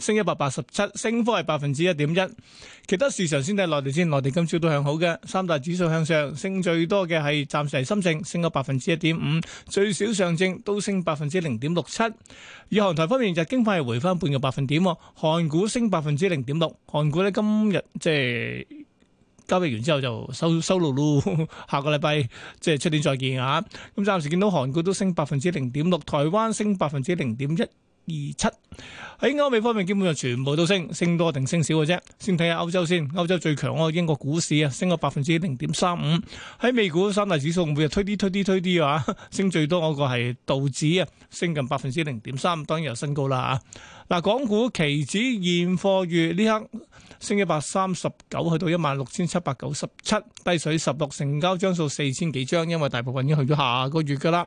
升一百八十七，升幅係百分之一點一。其他市場先睇內地先，內地今朝都向好嘅，三大指數向上，升最多嘅係暫時係深證，升咗百分之一點五，最少上證都升百分之零點六七。以韓台方面就經快係回翻半個百分點，韓股升百分之零點六。韓股呢，今日即係交易完之後就收收露咯，下個禮拜即係出年再見啊！咁暫時見到韓股都升百分之零點六，台灣升百分之零點一。二七喺歐美方面基本上全部都升，升多定升少嘅啫。先睇下歐洲先，歐洲最強嗰個英國股市啊，升咗百分之零點三五。喺美股三大指數每日推啲推啲推啲啊，升最多嗰個係道指啊，升近百分之零點三，當然又升高啦啊！嗱，港股期指現貨月呢刻升一百三十九，去到一萬六千七百九十七，低水十六，成交張數四千幾張，因為大部分已經去咗下個月噶啦，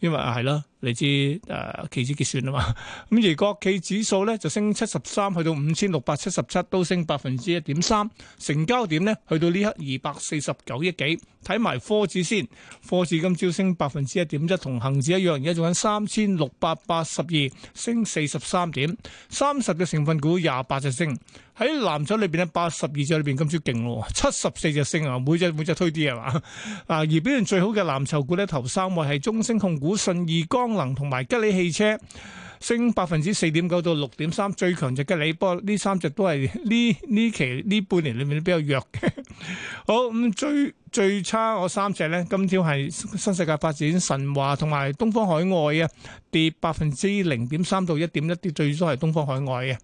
因為係啦。嚟自誒期指結算啊嘛，咁而國企指數咧就升七十三，去到五千六百七十七，都升百分之一點三，成交點呢，去到呢刻二百四十九億幾。睇埋科指先，科指今朝升百分之一點一，同恒指一樣，而家仲緊三千六百八十二，升四十三點，三十嘅成分股廿八隻升，喺藍籌裏邊呢，八十二隻裏邊今朝勁喎，七十四隻升啊，每隻每隻推啲係嘛？啊，而表現最好嘅藍籌股呢，頭三位係中升控股、信義光，功能同埋吉利汽車升百分之四點九到六點三，最強就吉利不過。呢三隻都係呢呢期呢半年裏面都比較弱嘅。好，咁最最差嗰三隻呢，今朝係新世界發展、神華同埋東方海外啊，跌百分之零點三到一點一跌，最多係東方海外嘅。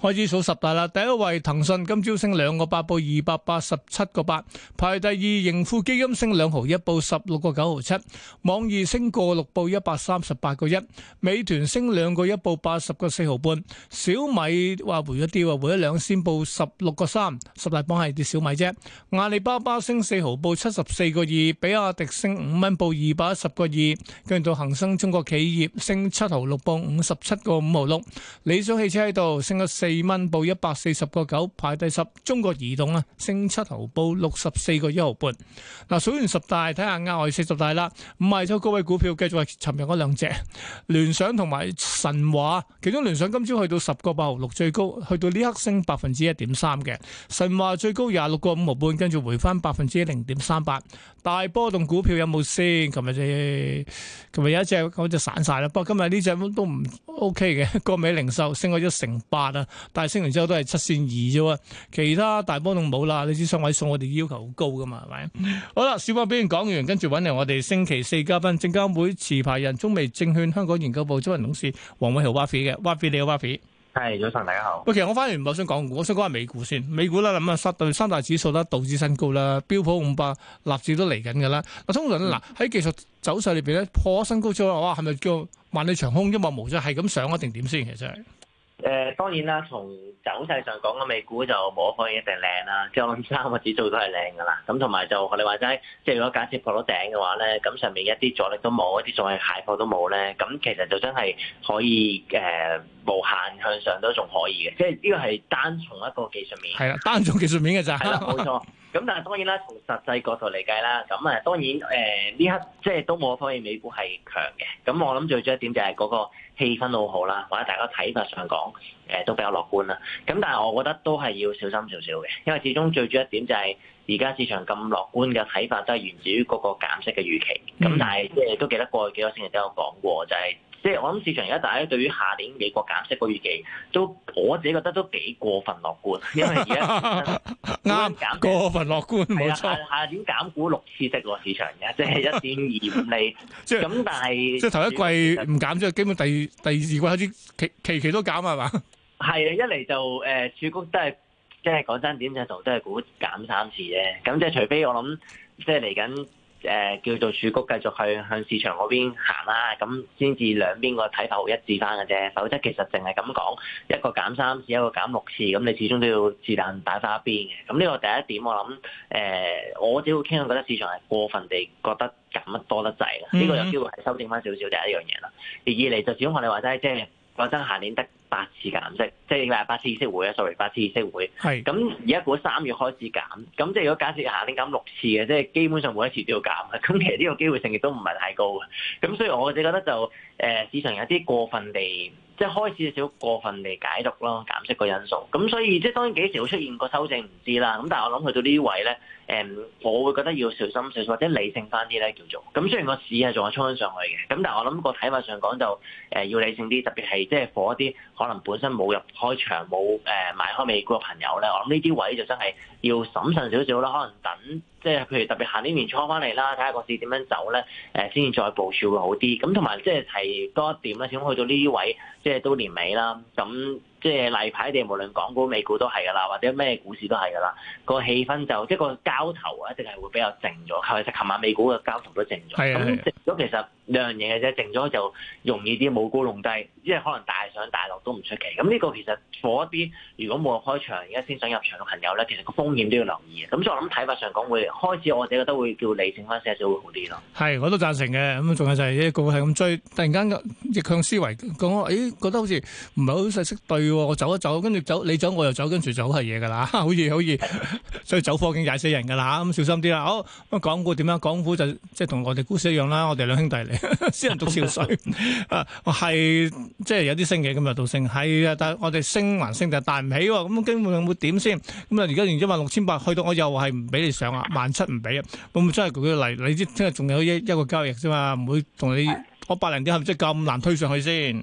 開始數十大啦，第一位騰訊今朝升兩個八，報二百八十七個八，排第二盈富基金升兩毫一，報十六個九毫七，網易升個六，報一百三十八個一，美團升兩個一，報八十個四毫半，小米話回咗啲話回咗兩仙，報十六個三，3, 十大榜係跌小米啫，阿里巴巴升四毫，報七十四個二，比亞迪升五蚊，報二百一十個二，跟住到恒生中國企業升七毫六，報五十七個五毫六，理想汽車喺度升咗四。2, 四蚊報一百四十個九，排第十。中國移動啊，升七毫報六十四個一毫半。嗱，數完十大，睇下額外四十大啦。唔係就高位股票繼，繼續係尋日嗰兩隻聯想同埋神華。其中聯想今朝去到十個八毫六最高，去到呢刻升百分之一點三嘅。神華最高廿六個五毫半，跟住回翻百分之零點三八。大波動股票有冇先？琴日啫，琴日有一隻好似散晒啦。不過今日呢隻都唔 OK 嘅，國美零售升咗成八啊。但係升完之後都係七線二啫喎，其他大波動冇啦。你啲上位數我哋要求好高噶嘛，係咪？嗯、好啦，小波表演講完，跟住揾嚟我哋星期四嘉賓，證監會持牌人中美證券香港研究部主任董事黃偉豪 Wafi 嘅，Wafi 你好，Wafi。係，早晨，大家好。喂，其實我翻完唔係想講，我想講下美股先，美股啦諗啊，三大指數啦，道指新高啦，標普五百、納指都嚟緊噶啦。嗱，通常啦，喺、嗯、技術走勢裏邊咧，破咗新高之後，哇，係咪叫萬里長空一望無際？係咁上一定點先？其實係。誒、呃，當然啦，從走勢上講，個美股就冇一可一定靚啦，即係我諗三個指數都係靚噶啦。咁同埋就我哋話齋，即係如果假設破到頂嘅話咧，咁上面一啲阻力都冇，一啲仲係蟹貨都冇咧，咁其實就真係可以誒、呃，無限向上都仲可以嘅。即係呢個係單從一個技術面係啦， 單從技術面嘅咋係啦，冇錯。咁但係當然啦，從實際角度嚟計啦，咁啊當然誒呢、呃、刻即係都冇話可以美股係強嘅。咁我諗最主要一點就係嗰個氣氛好好啦，或者大家睇法上講誒、呃、都比較樂觀啦。咁但係我覺得都係要小心少少嘅，因為始終最主要一點就係而家市場咁樂觀嘅睇法都係源自於嗰個減息嘅預期。咁、嗯、但係即係都記得過去幾多星期都有講過就係、是。即係我諗市場而家，大家對於下年美國減息個預期，都我自己覺得都幾過分樂觀，因為而家啱減過分樂觀，冇錯。下年減股六次息喎市場嘅，即係一點二五厘。即係咁，但係即係頭一季唔減咗，基本第第二季開始期期期都減係嘛？係啊，一嚟就誒，處股都係即係講真點就係都係估減三次啫。咁即係除非我諗，即係嚟緊，誒叫做儲局，繼續去向市場嗰邊行啦，咁先至兩邊個睇法好一致翻嘅啫。否則其實淨係咁講，一個減三次，一個減六次，咁你始終都要自彈打翻一邊嘅。咁呢個第一點我諗，誒、呃、我只會傾向覺得市場係過分地覺得減得多得滯嘅，呢、呢個有機會係修正翻少少第一樣嘢啦。二嚟就主要我哋話齋，即係。講真下年得八次減息，即係八次議息會啊，Sorry，八次議息會。係咁而家估三月開始減，咁即係如果假設下年減六次嘅，即係基本上每一次都要減嘅。咁其實呢個機會性亦都唔係太高嘅。咁所以我哋覺得就誒、呃、市場有啲過分地，即係開始少過分地解讀咯。藍色個因素，咁所以即係當然幾時會出現個修正唔知啦。咁但係我諗去到呢啲位咧，誒，我會覺得要小心少少，或者理性翻啲咧叫做。咁雖然個市啊仲係衝緊上去嘅，咁但係我諗個睇法上講就誒要理性啲，特別係即係火啲可能本身冇入開場冇誒買開美股嘅朋友咧，我諗呢啲位就真係要審慎少少啦。可能等即係譬如特別行呢年初翻嚟啦，睇下個市點樣走咧，誒先至再部署會好啲。咁同埋即係提多一點咧，始終去到呢啲位即係都年尾啦，咁。即係例牌地，無論港股、美股都係噶啦，或者咩股市都係噶啦。個氣氛就即係個交投啊一定係會比較靜咗，係咪？其實琴晚美股嘅交投都靜咗，咁靜咗其實兩樣嘢嘅啫，靜咗就容易啲舞高弄低，因為可能大。上大陸都唔出奇，咁呢個其實火一啲。如果冇開場，而家先想入場嘅朋友咧，其實個風險都要留意嘅。咁所以我諗睇法上講，會開始我自己覺得會叫理性翻少少會好啲咯。係，我都贊成嘅。咁仲有就係個個係咁追，突然間逆向思維講，誒覺得好似唔係好識識對喎。我走一走，跟住走你走，我又走，跟住就好係嘢㗎啦。好似好似所以走火警踩死人㗎啦。咁小心啲啦。好，港股點啊？港股就即係同我哋故事一樣啦。我哋兩兄弟嚟，先人獨潮水啊，係即係有啲嘅今日都升，係啊，但係我哋升還升就大唔起喎，咁基本上會點先？咁啊，而家連咗萬六千八，去到我又係唔俾你上啊，萬七唔俾啊，咁真係舉個例，你知聽日仲有一一個交易啫嘛，唔會同你我百零點即係咁難推上去先。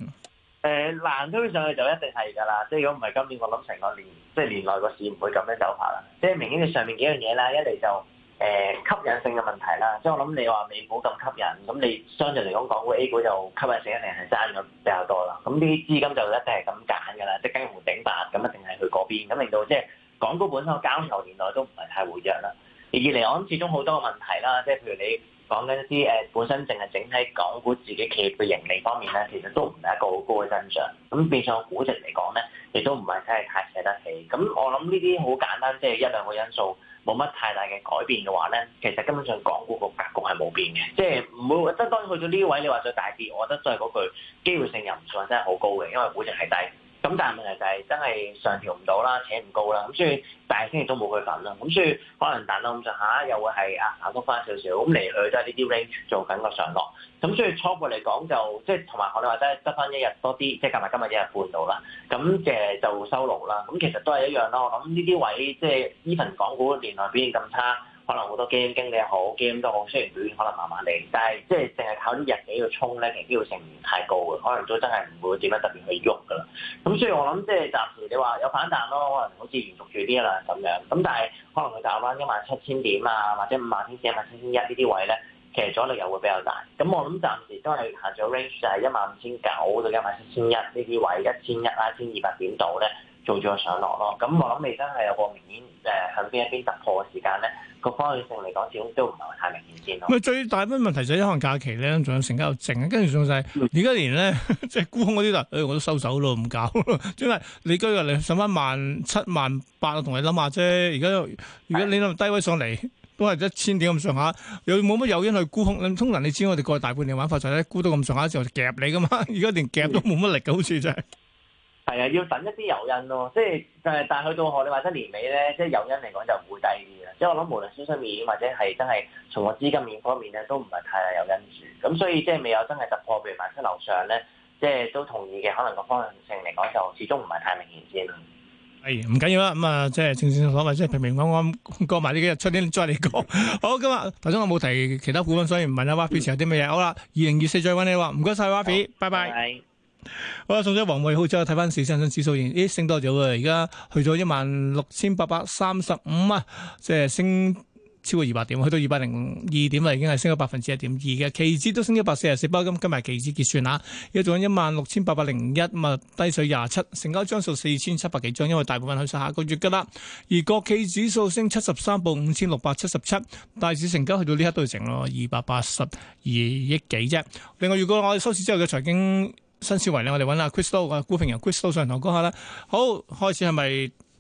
誒，難推上去就一定係噶啦，即係如果唔係今年我諗成個年，即係年內個市唔會咁樣走下啦。即係明顯你上面幾樣嘢啦，一嚟就。誒吸引性嘅問題啦，即係我諗你話美股咁吸引，咁你相對嚟講港股 A 股就吸引性一定係爭咗比較多啦。咁啲資金就一定係咁揀㗎啦，即係跟紅頂白，咁一定係去嗰邊，咁令到即係港股本身個交投連帶都唔係太活躍啦。二嚟我諗始終好多問題啦，即係譬如你講緊一啲誒本身淨係整體港股自己企業嘅盈利方面咧，其實都唔係一個好高嘅增長，咁變相估值嚟講咧，亦都唔係真係太睇得起。咁我諗呢啲好簡單，即係一兩個因素。冇乜太大嘅改變嘅話咧，其實根本上港股個格局係冇變嘅，即係唔會。即係當然去到呢位，你話再大跌，我覺得再嗰句機會性又唔算真係好高嘅，因為股值係低。咁但係問題就係真係上調唔到啦，且唔高啦，咁所以大星期都冇佢份啦，咁所以可能彈到咁上下又會係壓縮翻少少，咁嚟去都係呢啲 range 做緊個上落，咁所以初步嚟講就即係同埋我哋話齋得翻一日多啲，即係夾埋今日一日半到啦，咁嘅就收爐啦，咁其實都係一樣咯，咁呢啲位即係依份港股嘅連環表現咁差。可能好多基金經理好，基金都好，雖然表現可能慢慢哋，但係即係淨係靠啲日幾去衝咧，其實機會性唔太高嘅，可能都真係唔會點樣特別去喐㗎啦。咁所以我諗即係暫時你話有反彈咯，可能好似延續住啲啦咁樣。咁但係可能佢打翻一萬七千點啊，或者五萬點、一萬七千一呢啲位咧，其實阻力又會比較大。咁我諗暫時都係行咗 range 就係一萬五千九到一萬七千一呢啲位，一千一啦、千二百點度咧。做咗上落咯，咁我諗未真係有個明顯誒向邊一邊突破嘅時間咧，個方向性嚟講，始終都唔係太明顯先咯。咪最大嘅問題就係呢行假期咧，仲有成交又靜，跟住仲有而家連咧即係沽空嗰啲都誒，我都收手咯，唔搞。因為你今日你上翻萬七萬八啊，同你諗下啫。而家如果你諗低位上嚟都係一千點咁上下，又冇乜誘因去沽空。通常你知我哋過去大半年玩法就係沽到咁上下時候就夾你㗎嘛。而家連夾都冇乜力嘅，好似真係。係啊，要等一啲誘因咯，即係誒，但係去到何你話得年尾咧，即係誘因嚟講就唔會低啲啦。即係我諗，無論消息面或者係真係從個資金面方面咧，都唔係太有因住。咁所以即係未有真係突破，譬如賣出樓上咧，即係都同意嘅。可能個方向性嚟講，就始終唔係太明顯先。哎，係唔緊要啦，咁啊，即係正正所謂即係平平安安過埋呢幾日，出年再嚟講。 好，今日頭先我冇提其他股份，所以唔問啦。Wafi，平時有啲乜嘢？好啦，二零二四再揾你話，唔該晒，Wafi，拜拜。好啦，送咗黃偉豪。之後。睇翻市恒生指數咦、哎、升多咗喎！而家去咗一萬六千八百三十五啊，即係升超過二百點，去到二百零二點啦，已經係升咗百分之一點二嘅。期指都升一百四十四包金，今日期指結算啊，而家仲有一萬六千八百零一嘛，低水廿七，成交張數四千七百幾張，因為大部分去晒下個月噶啦。而國企指數升七十三，報五千六百七十七，大市成交去到呢一刻都剩咯，二百八十二億幾啫。另外，如果我哋收市之後嘅財經。新思維咧，我哋揾阿 Crystal 啊，股評人 Crystal 上堂講下啦。好，開始係咪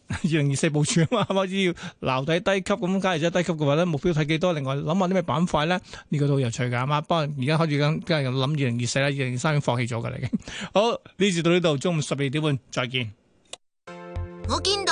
二零二四部署啊嘛？可唔可以要留底低級咁？假如真係低級嘅話咧，目標睇幾多？另外諗下啲咩板塊咧？呢個都好有趣噶。啊不過而家開始梗係諗二零二四啦，二零二三已經放棄咗㗎喇。好，呢次到呢度，中午十二點半再見。我見到。